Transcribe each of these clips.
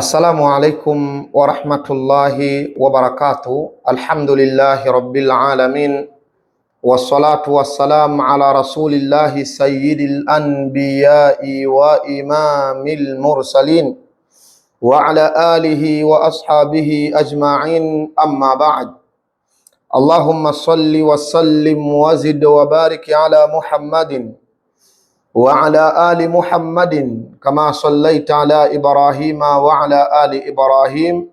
আসসালামু আলাইকুম ওরহমতুল্লাহি ওবরাকাত আলহামদুলিল্লাহ রব্বিল আলমিন ওসলাত ওয়াসালাম আলা রসুলিল্লাহি সঈদুল আনবিয়াই ওয়া ইমামিল মুরসালিন وعلى آله وأصحابه أجمعين أما بعد اللهم صل وسلم وزد وبارك على محمد وعلى آل محمد كما صليت على إبراهيم وعلى آل إبراهيم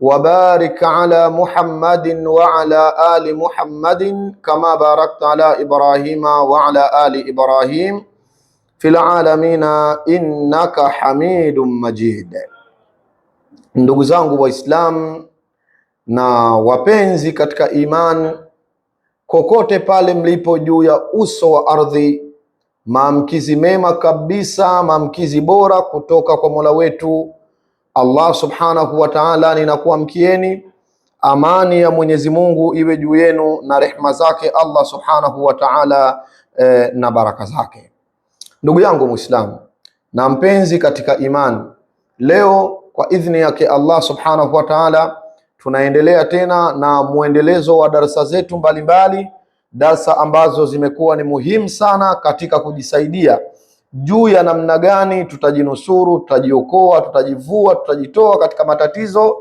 وبارك على محمد وعلى آل محمد كما باركت على إبراهيم وعلى آل إبراهيم في العالمين إنك حميد مجيد ndugu zangu Waislamu na wapenzi katika iman, kokote pale mlipo juu ya uso wa ardhi maamkizi mema kabisa, maamkizi bora kutoka kwa Mola wetu Allah subhanahu wa ta'ala. Ninakuamkieni amani ya Mwenyezi Mungu iwe juu yenu na rehma zake Allah subhanahu wa ta'ala e, na baraka zake. Ndugu yangu Muislamu na mpenzi katika imani, leo kwa idhni yake Allah subhanahu wa ta'ala tunaendelea tena na mwendelezo wa darasa zetu mbalimbali mbali darsa ambazo zimekuwa ni muhimu sana katika kujisaidia juu ya namna gani tutajinusuru, tutajiokoa, tutajivua, tutajitoa katika matatizo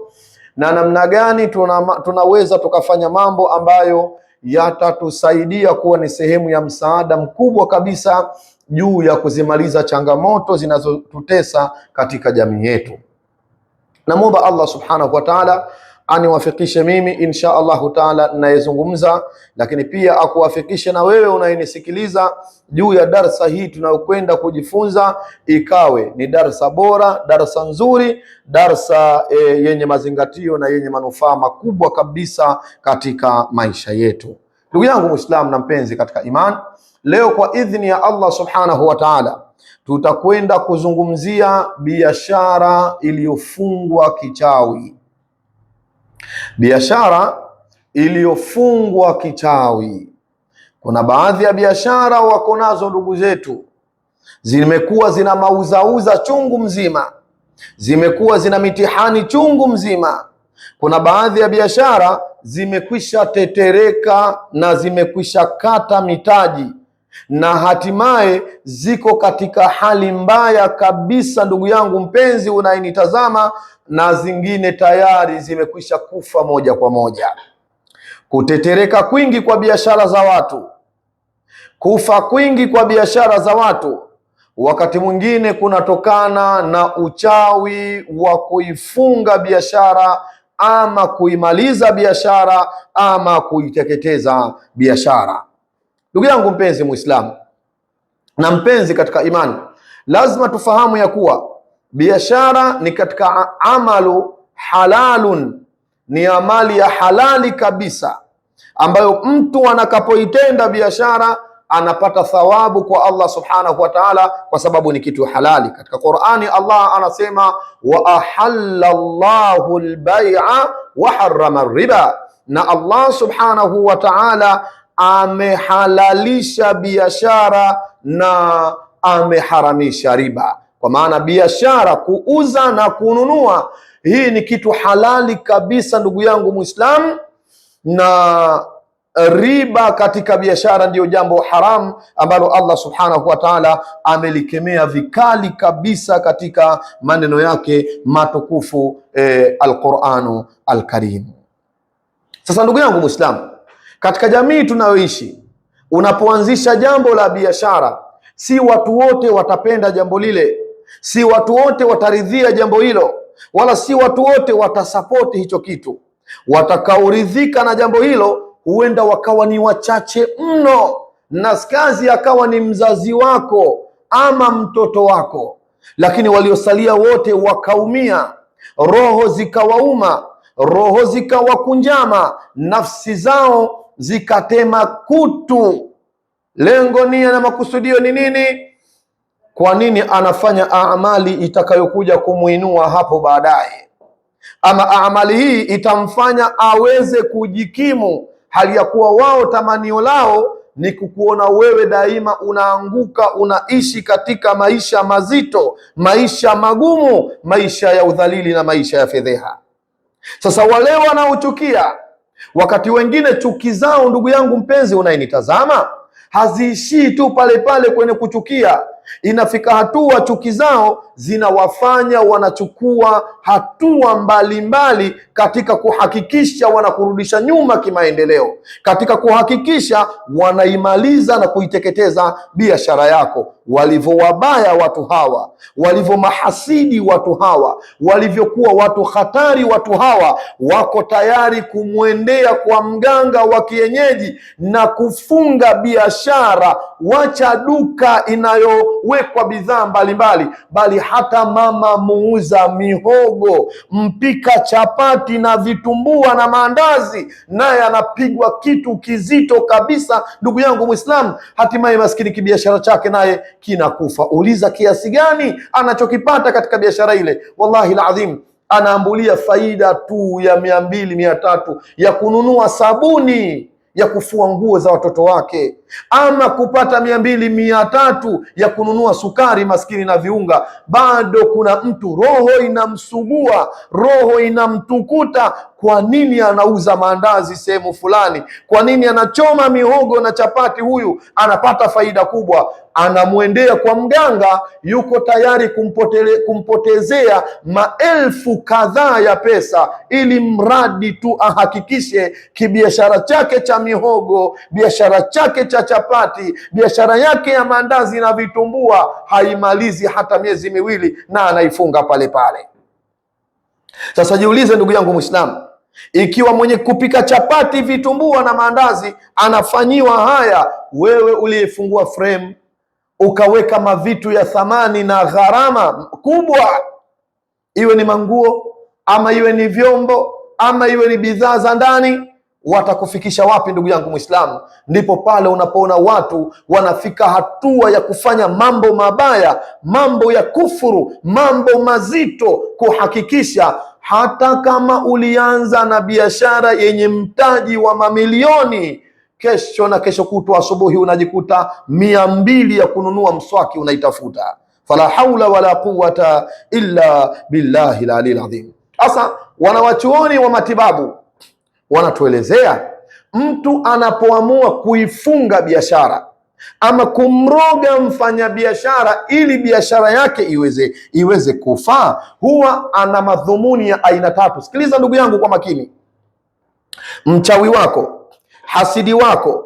na namna gani tuna, tunaweza tukafanya mambo ambayo yatatusaidia kuwa ni sehemu ya msaada mkubwa kabisa juu ya kuzimaliza changamoto zinazotutesa katika jamii yetu. Namwomba Allah subhanahu wa ta'ala aniwafikishe mimi insha Allahu taala ninayezungumza, lakini pia akuwafikishe na wewe unayenisikiliza juu ya darsa hii tunayokwenda kujifunza, ikawe ni darsa bora, darsa nzuri, darsa e, yenye mazingatio na yenye manufaa makubwa kabisa katika maisha yetu. Ndugu yangu Muislamu na mpenzi katika imani, leo kwa idhni ya Allah subhanahu wa taala tutakwenda kuzungumzia biashara iliyofungwa kichawi. Biashara iliyofungwa kichawi. Kuna baadhi ya biashara wako nazo ndugu zetu, zimekuwa zina mauzauza chungu mzima, zimekuwa zina mitihani chungu mzima. Kuna baadhi ya biashara zimekwisha tetereka na zimekwisha kata mitaji na hatimaye ziko katika hali mbaya kabisa, ndugu yangu mpenzi unayenitazama, na zingine tayari zimekwisha kufa moja kwa moja. Kutetereka kwingi kwa biashara za watu, kufa kwingi kwa biashara za watu, wakati mwingine kunatokana na uchawi wa kuifunga biashara ama kuimaliza biashara ama kuiteketeza biashara. Ndugu yangu mpenzi Muislamu na mpenzi katika imani, lazima tufahamu ya kuwa biashara ni katika amalu halalun, ni amali ya halali kabisa ambayo mtu anakapoitenda biashara anapata thawabu kwa Allah subhanahu wa ta'ala, kwa sababu ni kitu halali. Katika Qur'ani Allah anasema wa ahalla Allahu al-bai'a wa harrama riba, na Allah subhanahu wa ta'ala amehalalisha biashara na ameharamisha riba, kwa maana biashara, kuuza na kununua, hii ni kitu halali kabisa, ndugu yangu Muislamu, na riba katika biashara ndiyo jambo haramu ambalo Allah subhanahu wa ta'ala amelikemea vikali kabisa katika maneno yake matukufu eh, Alquranu Alkarim. Sasa ndugu yangu Muislamu katika jamii tunayoishi, unapoanzisha jambo la biashara, si watu wote watapenda jambo lile, si watu wote wataridhia jambo hilo, wala si watu wote watasapoti hicho kitu. Watakaoridhika na jambo hilo huenda wakawa ni wachache mno, na kazi akawa ni mzazi wako ama mtoto wako, lakini waliosalia wote wakaumia, roho zikawauma, roho zikawakunjama, nafsi zao zikatema kutu. Lengo, nia na makusudio ni nini? Kwa nini anafanya amali itakayokuja kumuinua hapo baadaye? Ama amali hii itamfanya aweze kujikimu, hali ya kuwa wao tamanio lao ni kukuona wewe daima unaanguka, unaishi katika maisha mazito, maisha magumu, maisha ya udhalili na maisha ya fedheha. Sasa wale wanaochukia Wakati wengine chuki zao, ndugu yangu mpenzi unayenitazama, haziishii tu pale pale kwenye kuchukia. Inafika hatua chuki zao zinawafanya wanachukua hatua mbalimbali mbali katika kuhakikisha wanakurudisha nyuma kimaendeleo, katika kuhakikisha wanaimaliza na kuiteketeza biashara yako. Walivyo wabaya watu hawa, walivyo mahasidi watu hawa, walivyokuwa watu hatari watu hawa, wako tayari kumwendea kwa mganga wa kienyeji na kufunga biashara. Wacha duka inayowekwa bidhaa mbalimbali, bali hata mama muuza mihogo mihogo, mpika chapati na vitumbua na maandazi, naye anapigwa kitu kizito kabisa, ndugu yangu Mwislamu. Hatimaye maskini kibiashara chake naye kinakufa. Uliza kiasi gani anachokipata katika biashara ile, wallahi ladhim anaambulia faida tu ya mia mbili mia tatu ya kununua sabuni ya kufua nguo za watoto wake, ama kupata mia mbili mia tatu ya kununua sukari maskini na viunga. Bado kuna mtu roho inamsugua, roho inamtukuta kwa nini anauza maandazi sehemu fulani? Kwa nini anachoma mihogo na chapati? Huyu anapata faida kubwa, anamwendea kwa mganga, yuko tayari kumpotele, kumpotezea maelfu kadhaa ya pesa, ili mradi tu ahakikishe kibiashara chake cha mihogo, biashara chake cha chapati, biashara yake ya maandazi na vitumbua haimalizi hata miezi miwili, na anaifunga pale pale. Sasa jiulize, ndugu yangu Mwislamu, ikiwa mwenye kupika chapati, vitumbua na maandazi anafanyiwa haya, wewe uliyefungua frame ukaweka mavitu ya thamani na gharama kubwa, iwe ni manguo ama iwe ni vyombo ama iwe ni bidhaa za ndani watakufikisha wapi ndugu yangu Mwislamu? Ndipo pale unapoona watu wanafika hatua ya kufanya mambo mabaya, mambo ya kufuru, mambo mazito, kuhakikisha hata kama ulianza na biashara yenye mtaji wa mamilioni, kesho na kesho kutwa asubuhi unajikuta mia mbili ya kununua mswaki unaitafuta. Fala haula wala quwata illa billahi lali ladhim Sasa wanawachuoni wa matibabu wanatuelezea mtu anapoamua kuifunga biashara ama kumroga mfanyabiashara ili biashara yake iweze iweze kufaa, huwa ana madhumuni ya aina tatu. Sikiliza ndugu yangu kwa makini, mchawi wako, hasidi wako,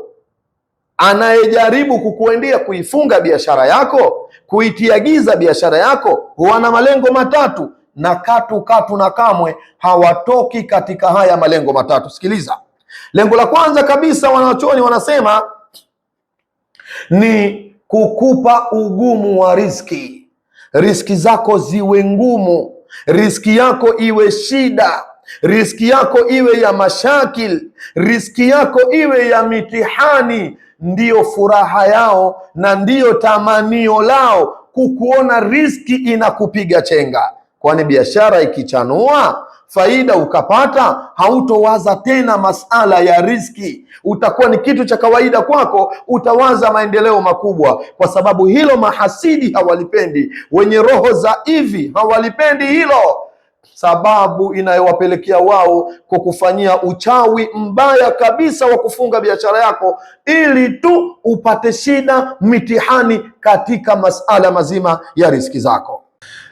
anayejaribu kukuendea kuifunga biashara yako, kuitia giza biashara yako, huwa na malengo matatu, na katu katu na kamwe hawatoki katika haya malengo matatu. Sikiliza, lengo la kwanza kabisa, wanachuoni wanasema ni kukupa ugumu wa riski, riski zako ziwe ngumu, riski yako iwe shida, riski yako iwe ya mashakil, riski yako iwe ya mitihani. Ndiyo furaha yao na ndiyo tamanio lao kukuona riski inakupiga chenga, kwani biashara ikichanua faida ukapata, hautowaza tena masala ya riziki, utakuwa ni kitu cha kawaida kwako, utawaza maendeleo makubwa, kwa sababu hilo mahasidi hawalipendi, wenye roho za hivi hawalipendi hilo sababu inayowapelekea wao kwa kufanyia uchawi mbaya kabisa wa kufunga biashara yako ili tu upate shida mitihani katika masala mazima ya riziki zako.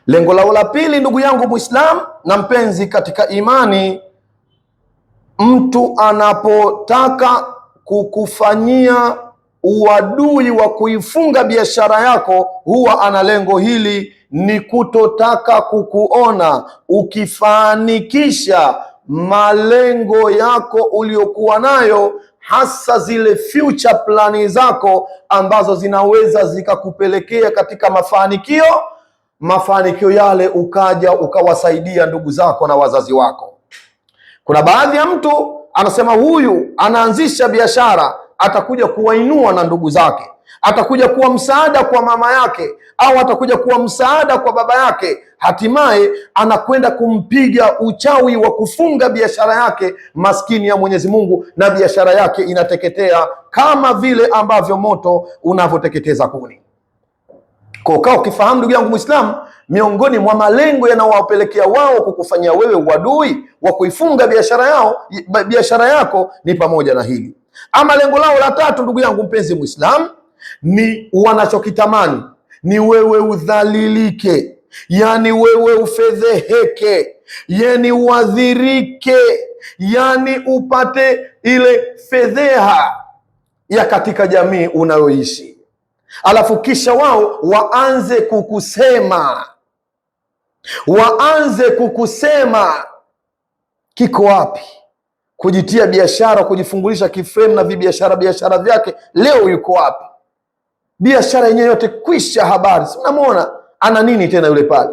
Lengo lao la pili, ndugu yangu Muislam na mpenzi katika imani, mtu anapotaka kukufanyia uadui wa kuifunga biashara yako, huwa ana lengo hili, ni kutotaka kukuona ukifanikisha malengo yako uliyokuwa nayo, hasa zile future plani zako ambazo zinaweza zikakupelekea katika mafanikio mafanikio yale ukaja ukawasaidia ndugu zako na wazazi wako. Kuna baadhi ya mtu anasema huyu anaanzisha biashara, atakuja kuwainua na ndugu zake, atakuja kuwa msaada kwa mama yake, au atakuja kuwa msaada kwa baba yake. Hatimaye anakwenda kumpiga uchawi wa kufunga biashara yake, maskini ya Mwenyezi Mungu, na biashara yake inateketea kama vile ambavyo moto unavyoteketeza kuni. Kwa ukawa ukifahamu ndugu yangu Muislamu, miongoni mwa malengo yanayowapelekea wao kukufanyia wewe uadui wa kuifunga biashara yao biashara yako ni pamoja na hili. Ama lengo lao la tatu, ndugu yangu mpenzi Muislamu, ni wanachokitamani ni wewe udhalilike, yani wewe ufedheheke, yani uadhirike, yani upate ile fedheha ya katika jamii unayoishi alafu kisha wao waanze kukusema, waanze kukusema kiko wapi? Kujitia biashara, kujifungulisha kifremu na vibiashara biashara vyake, leo yuko wapi? Biashara yenyewe yote kwisha, habari sinamwona ana nini tena yule pale,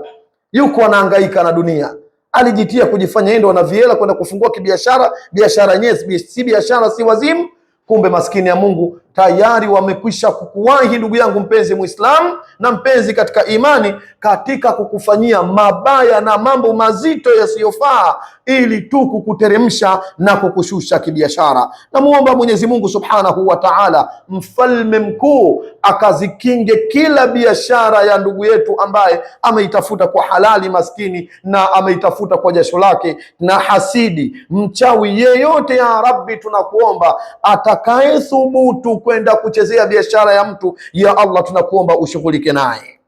yuko anahangaika na dunia alijitia kujifanya yeye ndo ana viela kwenda kufungua kibiashara. Biashara yenyewe si biashara, si wazimu, Kumbe maskini ya Mungu tayari wamekwisha kukuwahi, ndugu yangu mpenzi Muislamu na mpenzi katika imani, katika kukufanyia mabaya na mambo mazito yasiyofaa ili tu kukuteremsha na kukushusha kibiashara. namwomba Mwenyezi Mungu Subhanahu wa Ta'ala, mfalme mkuu, akazikinge kila biashara ya ndugu yetu ambaye ameitafuta kwa halali maskini na ameitafuta kwa jasho lake, na hasidi mchawi yeyote. Ya Rabbi, tunakuomba atakayethubutu kwenda kuchezea biashara ya mtu, ya Allah, tunakuomba ushughulike naye.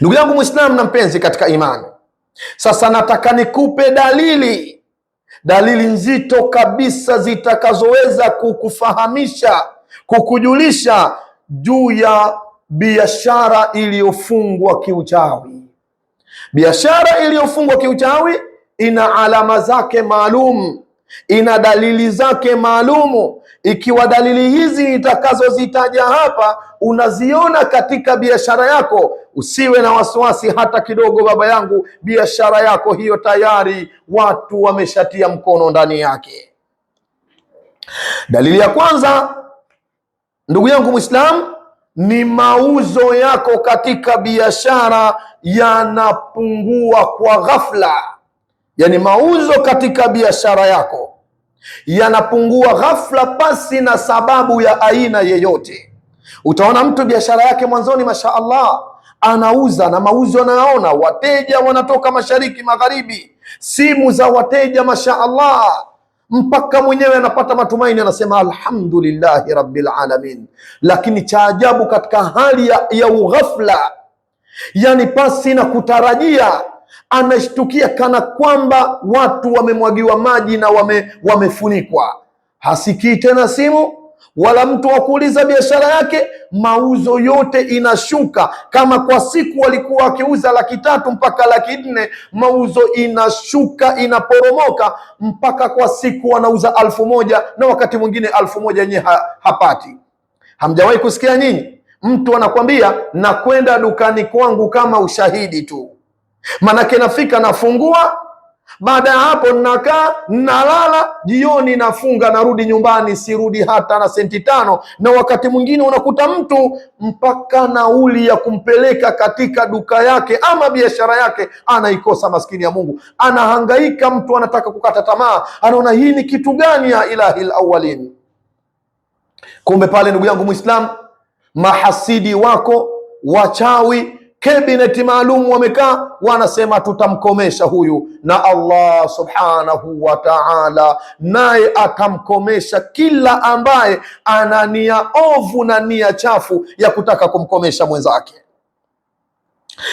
Ndugu yangu Muislamu na mpenzi katika imani sasa nataka nikupe dalili, dalili nzito kabisa zitakazoweza kukufahamisha, kukujulisha juu ya biashara iliyofungwa kiuchawi. Biashara iliyofungwa kiuchawi ina alama zake maalum ina dalili zake maalumu. Ikiwa dalili hizi nitakazozitaja hapa unaziona katika biashara yako, usiwe na wasiwasi hata kidogo, baba yangu. Biashara yako hiyo tayari watu wameshatia mkono ndani yake. Dalili ya kwanza, ndugu yangu Mwislamu, ni mauzo yako katika biashara yanapungua kwa ghafla yani mauzo katika biashara yako yanapungua ghafla pasi na sababu ya aina yeyote. Utaona mtu biashara yake mwanzoni, masha Allah, anauza na mauzo anayoona, wateja wanatoka mashariki magharibi, simu za wateja, masha Allah, mpaka mwenyewe anapata matumaini, anasema alhamdulillahi rabbil alamin. Lakini cha ajabu katika hali ya, ya ughafla, yani pasi na kutarajia anashtukia kana kwamba watu wamemwagiwa maji na wame, wamefunikwa. Hasikii tena simu wala mtu wa kuuliza biashara yake, mauzo yote inashuka. Kama kwa siku walikuwa wakiuza laki tatu mpaka laki nne, mauzo inashuka inaporomoka, mpaka kwa siku wanauza alfu moja na wakati mwingine alfu moja yenyewe ha hapati. Hamjawahi kusikia nyinyi, mtu anakwambia nakwenda dukani kwangu kama ushahidi tu Manake nafika nafungua, baada ya hapo nnakaa nalala, jioni nafunga, narudi nyumbani, sirudi hata na senti tano. Na wakati mwingine unakuta mtu mpaka nauli ya kumpeleka katika duka yake ama biashara yake anaikosa. Maskini ya Mungu anahangaika, mtu anataka kukata tamaa, anaona hii ni kitu gani ya ilahi awalin. Kumbe pale, ndugu yangu Muislam, mahasidi wako wachawi kabineti maalum wamekaa, wanasema tutamkomesha huyu, na Allah subhanahu wa ta'ala naye akamkomesha kila ambaye ana nia ovu na nia chafu ya kutaka kumkomesha mwenzake.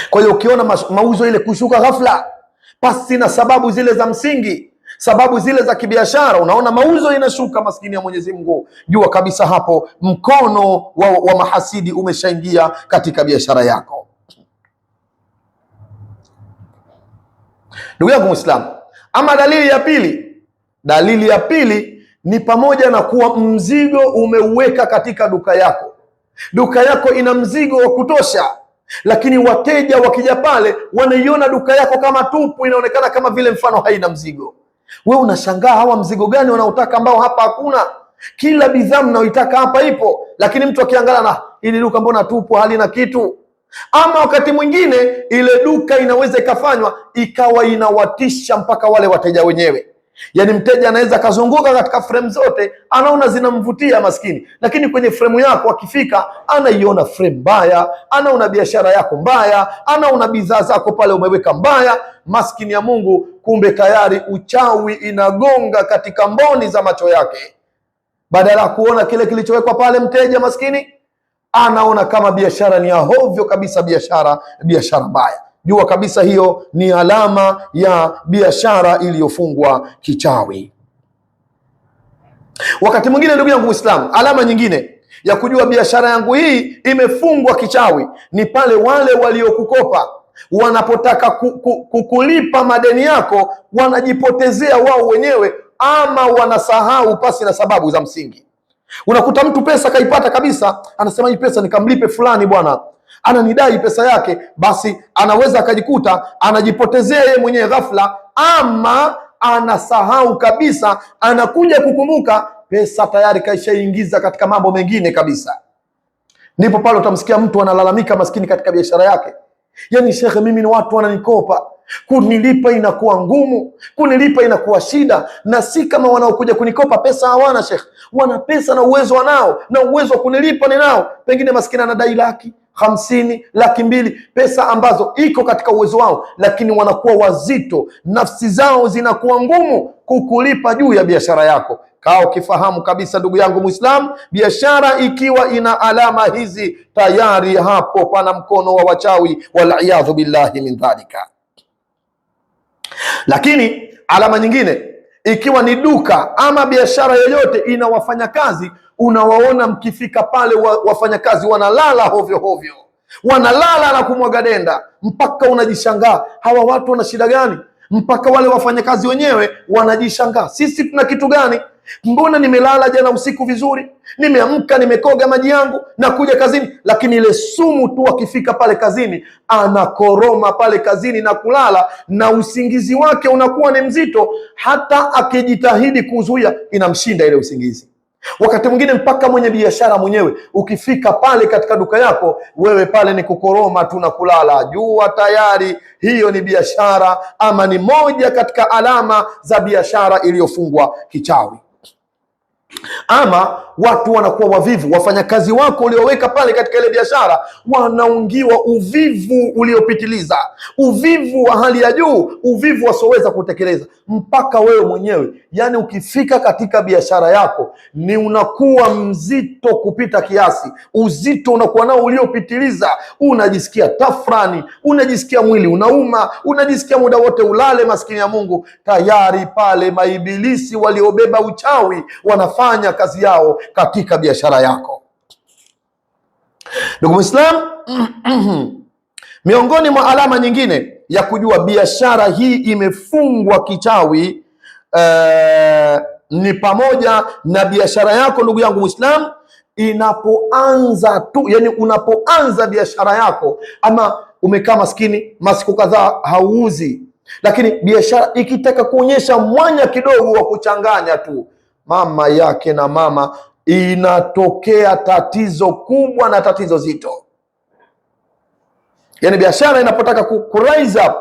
Kwa hiyo ukiona mauzo ile kushuka ghafla pasi na sababu zile za msingi, sababu zile za kibiashara, unaona mauzo inashuka, maskini ya Mwenyezi Mungu, jua kabisa hapo mkono wa, wa mahasidi umeshaingia katika biashara yako. Ndugu yangu Muislamu, ama dalili ya pili, dalili ya pili ni pamoja na kuwa mzigo umeuweka katika duka yako. Duka yako ina mzigo wa kutosha, lakini wateja wakija pale wanaiona duka yako kama tupu, inaonekana kama vile mfano haina mzigo. we unashangaa hawa mzigo gani wanaotaka ambao hapa hakuna? Kila bidhaa mnaoitaka hapa ipo, lakini mtu akiangalia na ah, ili duka mbona tupu, halina kitu ama wakati mwingine ile duka inaweza ikafanywa ikawa inawatisha mpaka wale wateja wenyewe. Yaani mteja anaweza akazunguka katika fremu zote, anaona zinamvutia maskini, lakini kwenye fremu yako akifika, anaiona fremu mbaya, anaona biashara yako mbaya, anaona bidhaa zako pale umeweka mbaya. Maskini ya Mungu, kumbe tayari uchawi inagonga katika mboni za macho yake, badala ya kuona kile kilichowekwa pale mteja maskini anaona kama biashara ni ya hovyo kabisa, biashara biashara mbaya. Jua kabisa hiyo ni alama ya biashara iliyofungwa kichawi. Wakati mwingine, ndugu yangu Muislamu, alama nyingine ya kujua biashara yangu hii imefungwa kichawi ni pale wale waliokukopa wanapotaka kukulipa madeni yako wanajipotezea wao wenyewe, ama wanasahau pasi na sababu za msingi. Unakuta mtu pesa kaipata kabisa, anasema hii pesa nikamlipe fulani bwana ananidai pesa yake, basi anaweza akajikuta anajipotezea yeye mwenyewe ghafla, ama anasahau kabisa, anakuja kukumbuka pesa tayari kaishaingiza katika mambo mengine kabisa. Ndipo pale utamsikia mtu analalamika maskini katika biashara yake, yani shekhe, mimi ni watu wananikopa kunilipa inakuwa ngumu, kunilipa inakuwa shida, na si kama wanaokuja kunikopa pesa hawana shekh, wana pesa na uwezo wanao, na uwezo wa kunilipa ninao. Pengine maskini anadai laki hamsini, laki mbili, pesa ambazo iko katika uwezo wao, lakini wanakuwa wazito, nafsi zao zinakuwa ngumu kukulipa juu ya biashara yako. Kaa ukifahamu kabisa, ndugu yangu Muislamu, biashara ikiwa ina alama hizi, tayari hapo pana mkono wa wachawi, waliyadhu billahi min dhalika. Lakini alama nyingine ikiwa ni duka ama biashara yoyote ina wafanyakazi, unawaona mkifika pale wa, wafanyakazi wanalala hovyo hovyo, wanalala na kumwaga denda, mpaka unajishangaa hawa watu wana shida gani, mpaka wale wafanyakazi wenyewe wanajishangaa, sisi tuna kitu gani? Mbona nimelala jana usiku vizuri, nimeamka nimekoga maji yangu na kuja kazini, lakini ile sumu tu, akifika pale kazini anakoroma pale kazini na kulala, na usingizi wake unakuwa ni mzito, hata akijitahidi kuzuia inamshinda ile usingizi. Wakati mwingine mpaka mwenye biashara mwenyewe, ukifika pale katika duka yako wewe, pale ni kukoroma tu na kulala, jua tayari hiyo ni biashara, ama ni moja katika alama za biashara iliyofungwa kichawi ama watu wanakuwa wavivu. Wafanyakazi wako ulioweka pale katika ile biashara wanaungiwa uvivu uliopitiliza, uvivu wa hali ya juu, uvivu wasioweza kutekeleza mpaka wewe mwenyewe. yani ukifika katika biashara yako ni unakuwa mzito kupita kiasi, uzito unakuwa nao uliopitiliza, unajisikia tafrani, unajisikia mwili unauma, unajisikia muda wote ulale. Maskini ya Mungu, tayari pale maibilisi waliobeba uchawi wanaf watafanya kazi yao katika biashara yako. Ndugu Mwislamu, miongoni mwa alama nyingine ya kujua biashara hii imefungwa kichawi eh, ni pamoja na biashara yako, ndugu yangu Mwislamu, inapoanza tu, yani unapoanza biashara yako, ama umekaa maskini masiku kadhaa hauuzi, lakini biashara ikitaka kuonyesha mwanya kidogo wa kuchanganya tu mama yake na mama, inatokea tatizo kubwa na tatizo zito. Yani biashara inapotaka ku, ku rise up,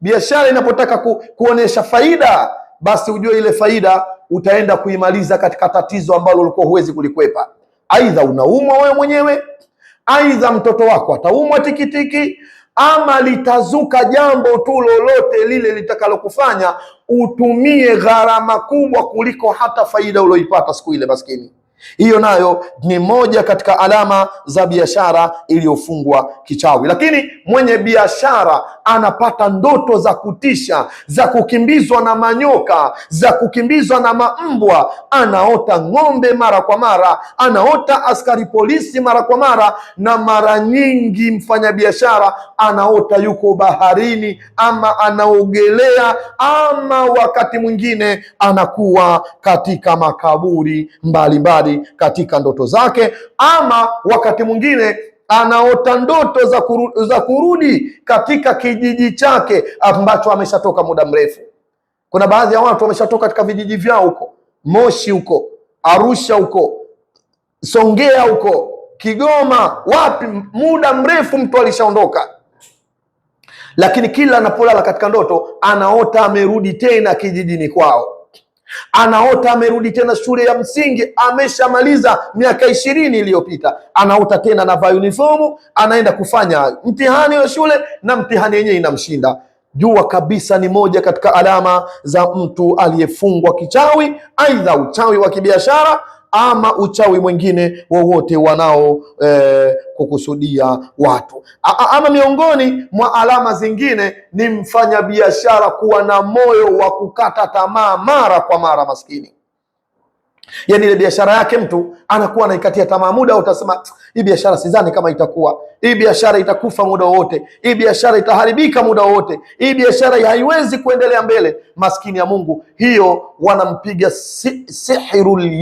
biashara inapotaka ku, kuonyesha faida, basi ujue ile faida utaenda kuimaliza katika tatizo ambalo ulikuwa huwezi kulikwepa. Aidha unaumwa wewe mwenyewe, aidha mtoto wako ataumwa tikitiki ama litazuka jambo tu lolote lile litakalokufanya utumie gharama kubwa kuliko hata faida ulioipata siku ile maskini. Hiyo nayo ni moja katika alama za biashara iliyofungwa kichawi. Lakini mwenye biashara anapata ndoto za kutisha, za kukimbizwa na manyoka, za kukimbizwa na mambwa, anaota ng'ombe mara kwa mara, anaota askari polisi mara kwa mara, na mara nyingi mfanyabiashara anaota yuko baharini ama anaogelea ama wakati mwingine anakuwa katika makaburi mbalimbali mbali katika ndoto zake, ama wakati mwingine anaota ndoto za, kuru, za kurudi katika kijiji chake ambacho ameshatoka muda mrefu. Kuna baadhi ya watu wameshatoka katika vijiji vyao huko Moshi, huko Arusha, huko Songea, huko Kigoma, wapi, muda mrefu mtu alishaondoka, lakini kila anapolala katika ndoto anaota amerudi tena kijijini kwao anaota amerudi tena shule ya msingi, ameshamaliza miaka ishirini iliyopita, anaota tena anavaa unifomu, anaenda kufanya mtihani wa shule na mtihani yenyewe inamshinda. Jua kabisa ni moja katika alama za mtu aliyefungwa kichawi, aidha uchawi wa kibiashara ama uchawi mwingine wowote wanao eh, kukusudia watu A, ama miongoni mwa alama zingine ni mfanyabiashara kuwa na moyo wa kukata tamaa mara kwa mara maskini Yaani ile biashara yake mtu anakuwa anaikatia tamaa, muda utasema hii biashara sidhani kama itakuwa, hii biashara itakufa muda wowote, hii biashara itaharibika muda wowote, hii biashara haiwezi kuendelea mbele. Maskini ya Mungu, hiyo wanampiga si, sihirul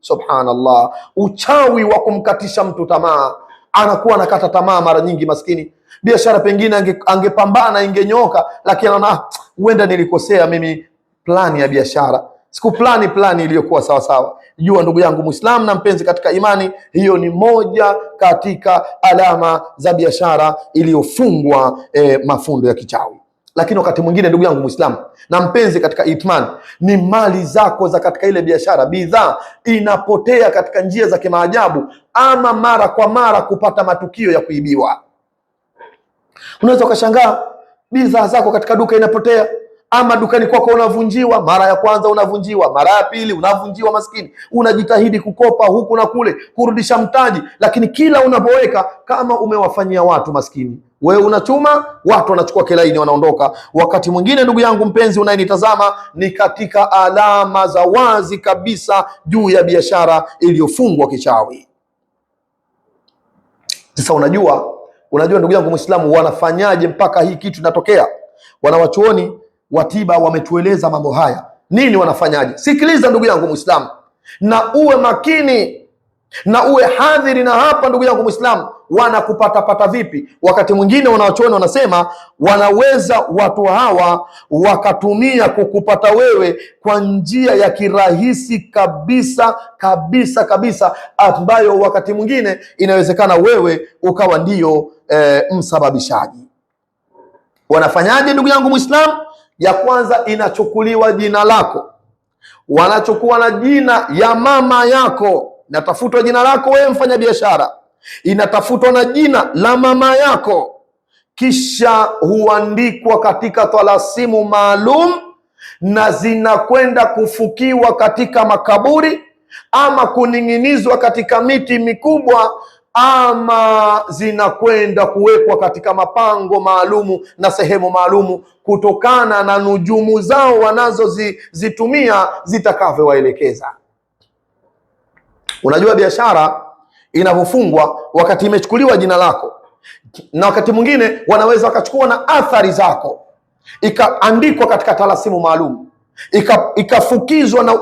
Subhanallah, uchawi wa kumkatisha mtu tamaa, anakuwa anakata tamaa mara nyingi maskini biashara pengine angepambana ange ingenyoka, lakini anaona huenda nilikosea mimi plani ya biashara siku plani plani iliyokuwa sawasawa. Jua ndugu yangu Muislamu na mpenzi katika imani, hiyo ni moja katika alama za biashara iliyofungwa e, mafundo ya kichawi. Lakini wakati mwingine ndugu yangu Muislamu na mpenzi katika itman, ni mali zako za katika ile biashara, bidhaa inapotea katika njia za kimaajabu, ama mara kwa mara kupata matukio ya kuibiwa. Unaweza ukashangaa bidhaa zako katika duka inapotea ama dukani kwako unavunjiwa, mara ya kwanza unavunjiwa, mara ya pili unavunjiwa, maskini unajitahidi kukopa huku na kule kurudisha mtaji, lakini kila unapoweka kama umewafanyia watu maskini, wewe unachuma, watu wanachukua kilaini, wanaondoka. Wakati mwingine, ndugu yangu mpenzi unayenitazama, ni katika alama za wazi kabisa juu ya biashara iliyofungwa kichawi. Sasa unajua, unajua ndugu yangu Mwislamu, wanafanyaje mpaka hii kitu inatokea? Wanawachuoni wa tiba wametueleza mambo haya, nini wanafanyaje? Sikiliza ndugu yangu mwislamu na uwe makini na uwe hadhiri. Na hapa ndugu yangu mwislamu wanakupatapata vipi? Wakati mwingine wanawachuoni wanasema wanaweza watu hawa wakatumia kukupata wewe kwa njia ya kirahisi kabisa kabisa kabisa, ambayo wakati mwingine inawezekana wewe ukawa ndiyo e, eh, msababishaji. Wanafanyaje ndugu yangu mwislamu ya kwanza inachukuliwa jina lako, wanachukua na jina ya mama yako. Inatafutwa jina lako wewe mfanyabiashara, inatafutwa na jina la mama yako, kisha huandikwa katika thalasimu maalum na zinakwenda kufukiwa katika makaburi ama kuning'inizwa katika miti mikubwa ama zinakwenda kuwekwa katika mapango maalumu na sehemu maalumu kutokana na nujumu zao wanazozitumia zitakavyowaelekeza. Unajua, biashara inavyofungwa wakati imechukuliwa jina lako, na wakati mwingine wanaweza wakachukua na athari zako, ikaandikwa katika talasimu maalum ikafukizwa na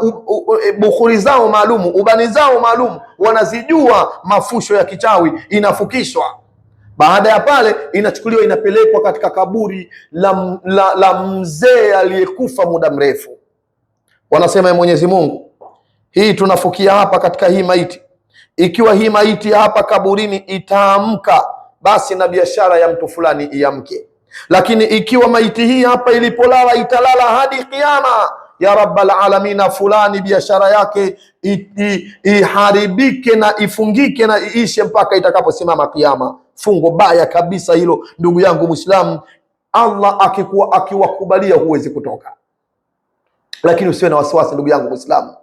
e, bukhuri zao maalum ubani zao maalum wanazijua mafusho ya kichawi, inafukishwa. Baada ya pale, inachukuliwa inapelekwa katika kaburi la, la, la mzee aliyekufa muda mrefu. Wanasema ya Mwenyezi Mungu, hii tunafukia hapa katika hii maiti, ikiwa hii maiti hapa kaburini itaamka, basi na biashara ya mtu fulani iamke lakini ikiwa maiti hii hapa ilipolala italala hadi kiama ya rabbal alamina, fulani biashara yake iharibike na ifungike na iishe mpaka itakaposimama kiama. Fungo baya kabisa hilo, ndugu yangu Mwislamu. Allah akikuwa akiwakubalia huwezi kutoka, lakini usiwe na wasiwasi ndugu yangu Mwislamu,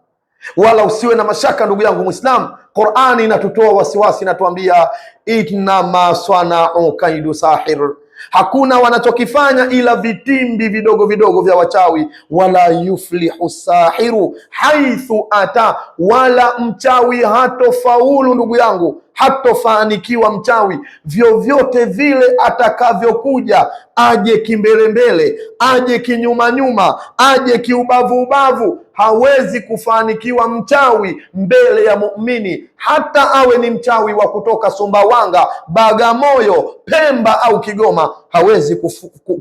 wala usiwe na mashaka ndugu yangu Mwislamu. Qurani inatutoa wasiwasi, inatuambia inama swanau kaidu sahir hakuna wanachokifanya ila vitimbi vidogo vidogo vya wachawi. Wala yuflihu sahiru haithu ata, wala mchawi hatofaulu ndugu yangu hatofanikiwa mchawi vyovyote vile atakavyokuja, aje kimbelembele, aje kinyumanyuma, aje kiubavuubavu, hawezi kufanikiwa mchawi mbele ya muumini, hata awe ni mchawi wa kutoka Sumbawanga, Bagamoyo, Pemba au Kigoma, hawezi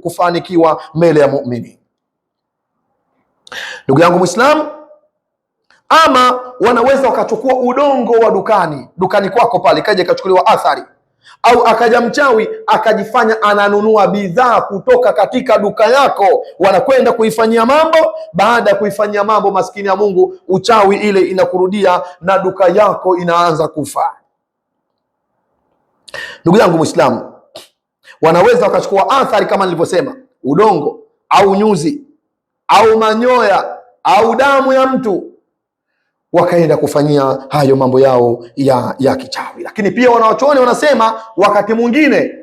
kufanikiwa mbele ya muumini. Ndugu yangu Mwislamu, ama wanaweza wakachukua udongo wa dukani dukani kwako pale, ikaja ikachukuliwa athari, au akaja mchawi akajifanya ananunua bidhaa kutoka katika duka yako, wanakwenda kuifanyia mambo. Baada ya kuifanyia mambo, maskini ya Mungu, uchawi ile inakurudia na duka yako inaanza kufa. Ndugu yangu Muislamu, wanaweza wakachukua athari kama nilivyosema, udongo au nyuzi au manyoya au damu ya mtu wakaenda kufanyia hayo mambo yao ya, ya kichawi. Lakini pia wanawachuoni wanasema wakati mwingine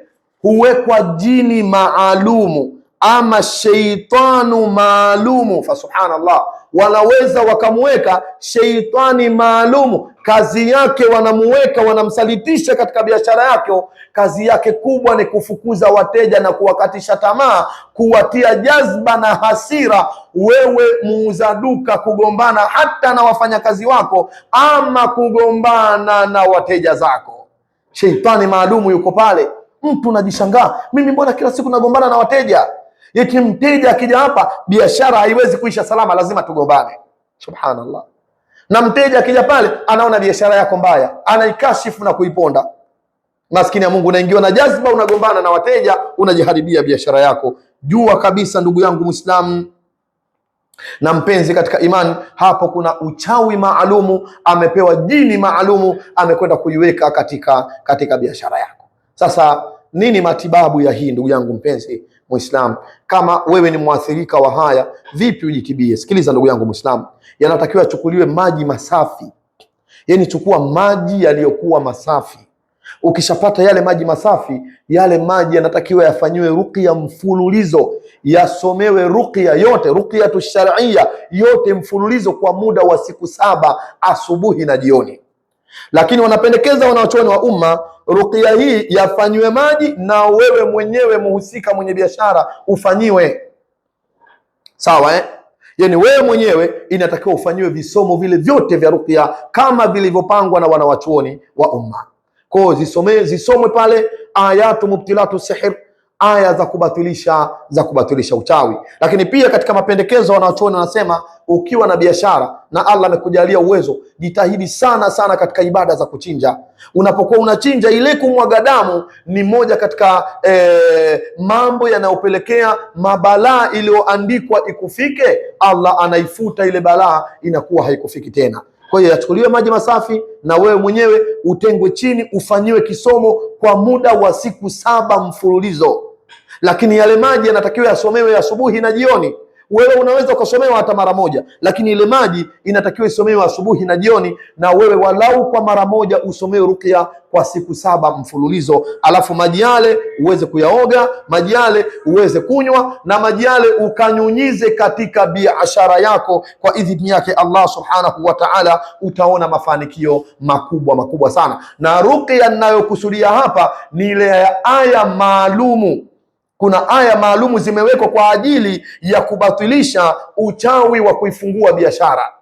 huwekwa jini maalumu ama sheitanu maalumu, fa subhanallah wanaweza wakamuweka sheitani maalumu, kazi yake wanamuweka, wanamsalitisha katika biashara yake. Kazi yake kubwa ni kufukuza wateja na kuwakatisha tamaa, kuwatia jazba na hasira, wewe muuza duka, kugombana hata na wafanyakazi wako ama kugombana na wateja zako. Sheitani maalumu yuko pale. Mtu najishangaa mimi, mbona kila siku nagombana na wateja Eti mteja akija hapa biashara haiwezi kuisha salama, lazima tugombane. Subhanallah. Na mteja akija pale anaona biashara yako mbaya, anaikashifu na kuiponda. Maskini ya Mungu, unaingiwa na jazba, unagombana na wateja, unajiharibia biashara yako. Jua kabisa ndugu yangu Muislamu na mpenzi katika imani, hapo kuna uchawi maalumu, amepewa jini maalumu, amekwenda kuiweka katika katika biashara yako. Sasa nini matibabu ya hii ndugu yangu mpenzi? Muislamu, kama wewe ni mwathirika wa haya, vipi ujitibie? Sikiliza ndugu yangu Muislamu, yanatakiwa yachukuliwe maji masafi, yaani chukua maji yaliyokuwa masafi. Ukishapata yale maji masafi, yale maji yanatakiwa yafanyiwe ruqya mfululizo, yasomewe ruqya yote, ruqyatu sharia yote mfululizo kwa muda wa siku saba, asubuhi na jioni. Lakini wanapendekeza wanaochuoni wa umma ruqya hii yafanywe maji na wewe mwenyewe muhusika mwenye biashara ufanyiwe sawa eh? Yani wewe mwenyewe inatakiwa ufanyiwe visomo vile vyote vya ruqya kama vilivyopangwa na wanawachuoni wa umma. Kwao zisomee zisomwe pale ayatu mubtilatu sihir aya za kubatilisha za kubatilisha uchawi. Lakini pia katika mapendekezo wanachoona, wanasema ukiwa na biashara na Allah amekujalia uwezo, jitahidi sana sana katika ibada za kuchinja. Unapokuwa unachinja, ile kumwaga damu ni moja katika e, mambo yanayopelekea mabalaa iliyoandikwa ikufike. Allah anaifuta ile balaa, inakuwa haikufiki tena. Kwa hiyo yachukuliwe maji masafi na wewe mwenyewe utengwe chini, ufanyiwe kisomo kwa muda wa siku saba mfululizo lakini yale maji yanatakiwa yasomewe asubuhi na jioni. Wewe unaweza ukasomewa hata mara moja, lakini ile maji inatakiwa isomewe asubuhi na jioni, na wewe walau kwa mara moja usomewe ruqya kwa siku saba mfululizo, alafu maji yale uweze kuyaoga, maji yale uweze kunywa, na maji yale ukanyunyize katika biashara yako. Kwa idhini yake Allah subhanahu wa ta'ala, utaona mafanikio makubwa makubwa sana. Na ruqya ninayokusudia hapa ni ile ya aya maalumu kuna aya maalumu zimewekwa kwa ajili ya kubatilisha uchawi wa kuifungua biashara.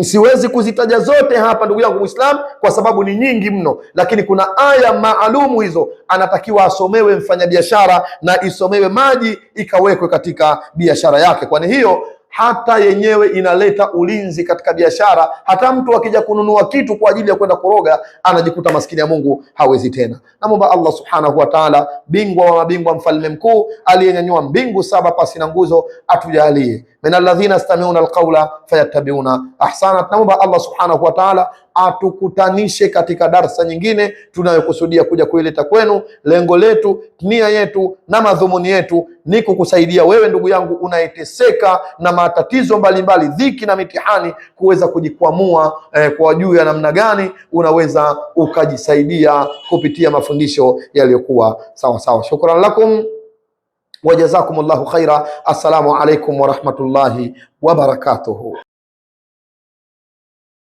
Siwezi kuzitaja zote hapa, ndugu yangu Muislam, kwa sababu ni nyingi mno, lakini kuna aya maalumu hizo anatakiwa asomewe mfanyabiashara na isomewe maji ikawekwe katika biashara yake, kwani hiyo hata yenyewe inaleta ulinzi katika biashara. Hata mtu akija kununua kitu kwa ajili ya kwenda kuroga, anajikuta maskini ya Mungu hawezi tena. namomba Allah subhanahu wa taala, bingwa wa mabingwa, mfalme mkuu, aliyenyanyua mbingu saba pasi na nguzo, atujalie min alladhina yastamiuna alqaula fayattabiuna ahsana. namomba Allah subhanahu wa taala atukutanishe katika darsa nyingine tunayokusudia kuja kuileta kwenu. Lengo letu, nia yetu na madhumuni yetu ni kukusaidia wewe ndugu yangu unayeteseka na matatizo mbalimbali, dhiki na mitihani, kuweza kujikwamua eh, kwa juu ya namna gani unaweza ukajisaidia kupitia mafundisho yaliyokuwa sawa sawa. Shukran lakum wa jazakumullahu khaira. Assalamu alaikum warahmatullahi wabarakatuhu.